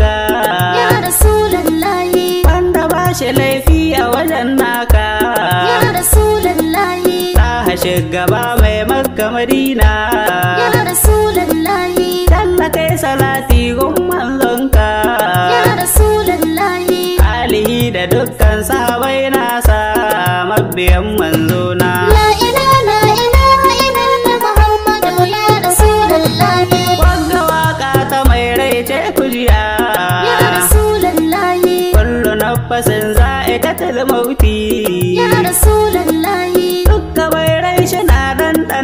ka ya wanda ba shi laifi a wajen naka ya ta hashe gaba mai makka madina ya rasulallahi salati gun manzonka ya alihi da dukkan sahabai nasa mabiyan manzo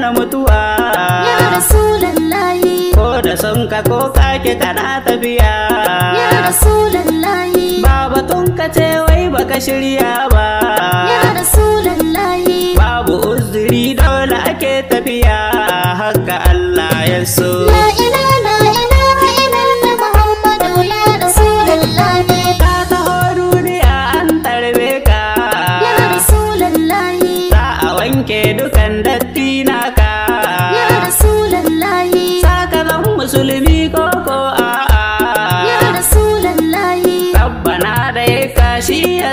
na mutuwa ya ko da son ka ko kake kana tafiya ya ba batun ka ce wai baka shirya ba ya babu uzuri dole ake tafiya haka Allah ya so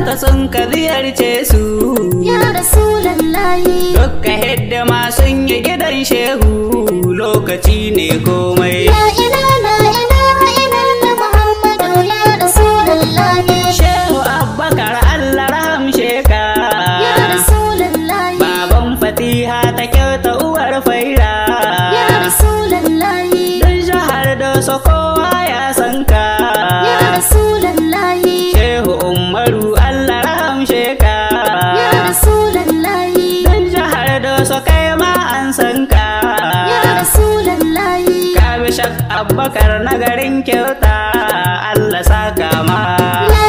ta sun ka ziyarce su ya rasulallahi dukka hidda ma sun yi gidan shehu lokaci ne komai ya ina na ina ina na muhammadu ya rasulallahi shehu abbakar allah rahamshe sheka ya rasulallahi baban fatiha ta kyauta uwar faira ya rasulallahi don shahar da soko farin kyauta Allah saka ma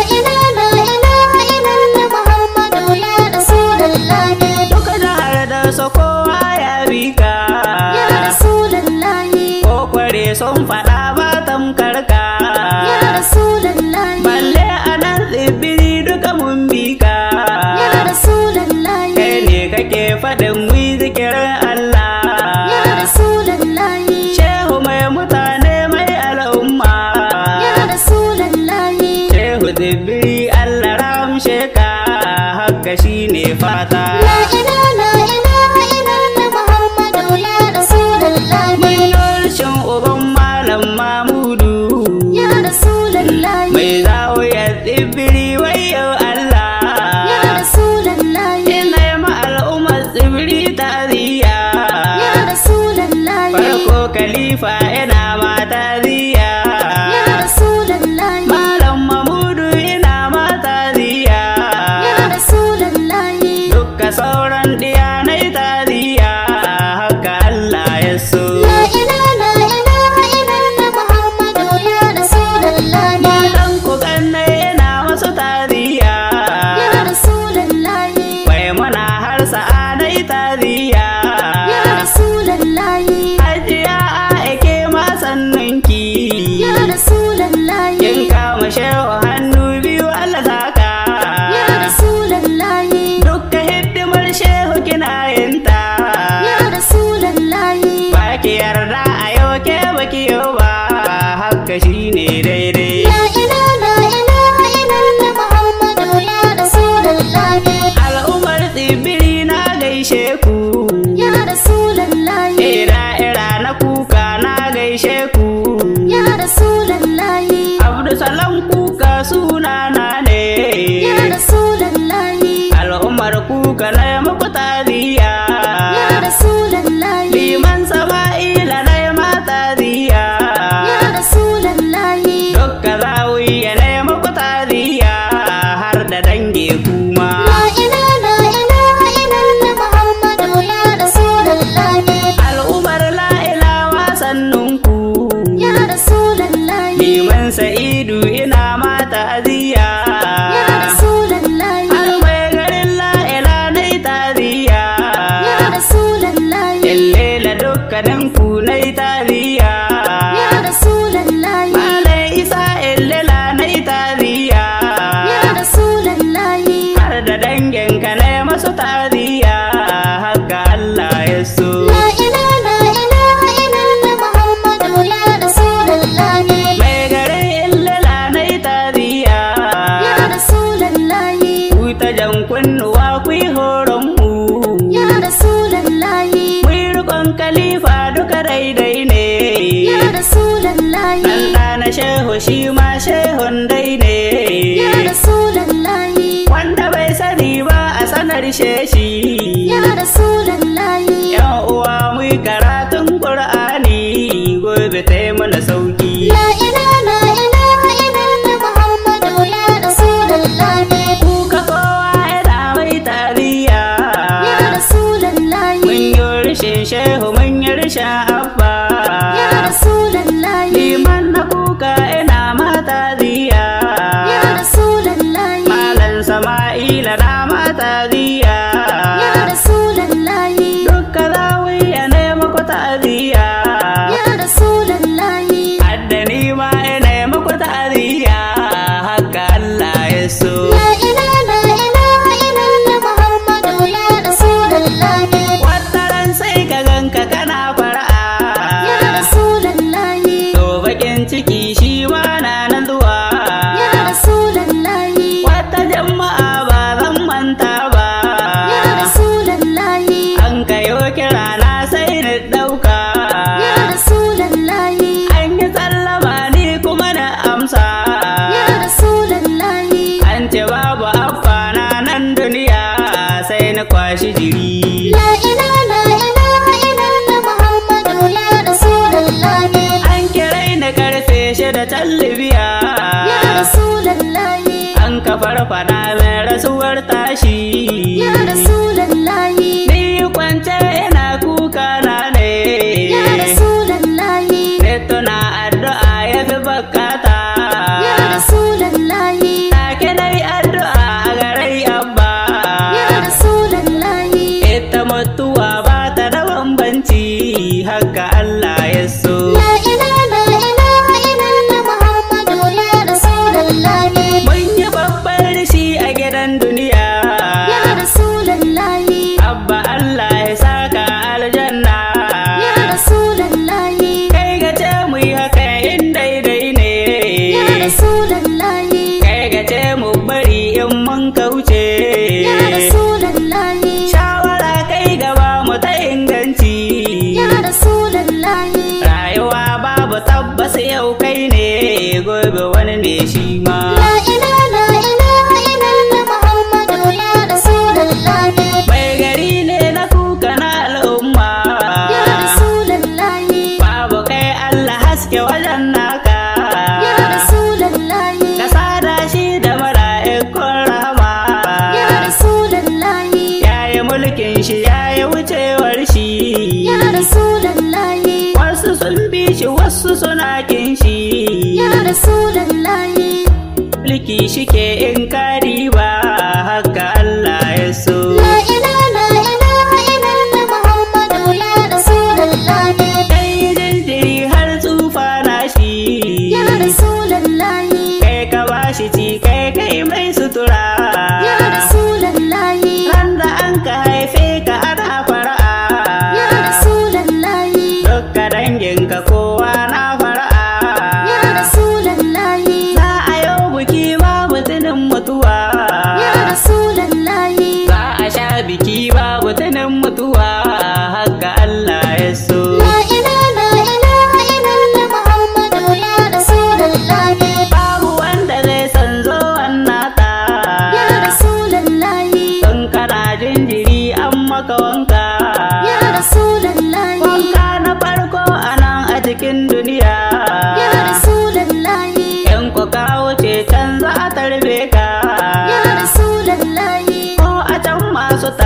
ina, ilaha ina, muhammadu ya rasulullah duka jahar da soko kushe ka haka shine fata kulai shi ma shehun dai ne ya rasulallahi wanda bai sani ba a sanar sheshi ya rasulallahi kira na sai ni ɗauka. Ya Rasulallahi. An yi sallama ni kuma na amsa. Ya Rasulallahi. An ce babu afana nan duniya sai na kwashi jiri. La ilaha da tallibiya. Ya Rasulallahi. An kafar fada mai rasuwar wasu suna kin shi ya rasulullahi mulki shike in kare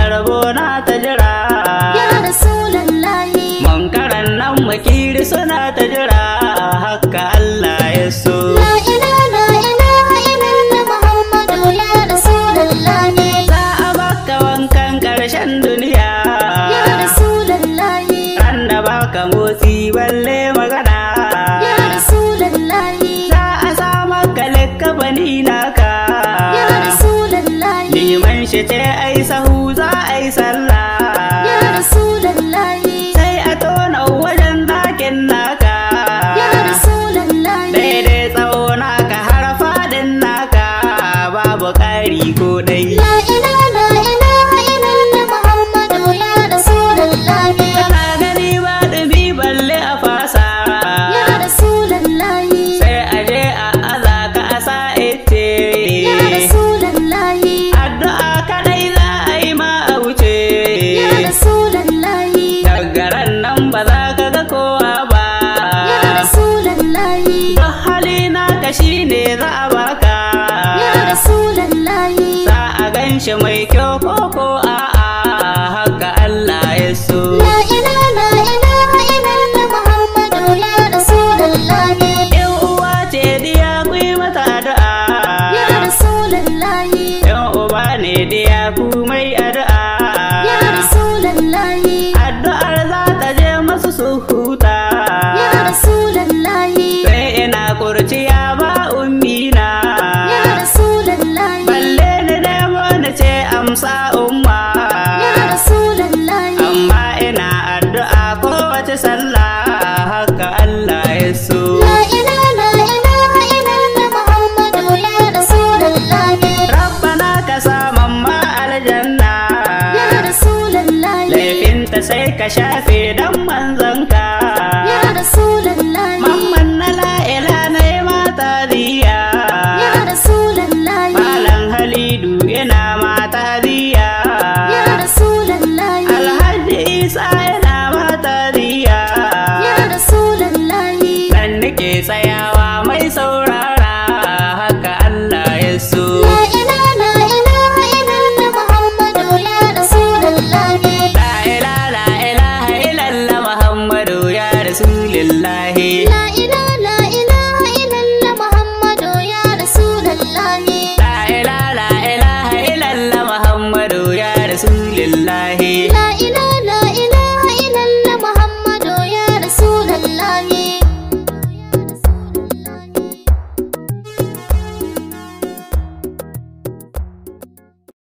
rabo na ta jira ya rasulallahi munkaran nan makiri suna ta jira haka Allah ya so la ilaha illallah inna muhammadu ya rasulallahi za a baka wankan ƙarshen duniya ya rasulallahi ran da baka motsi balle magana ya rasulallahi za a sa maka likkafani naka ce ai sahu za ai sallah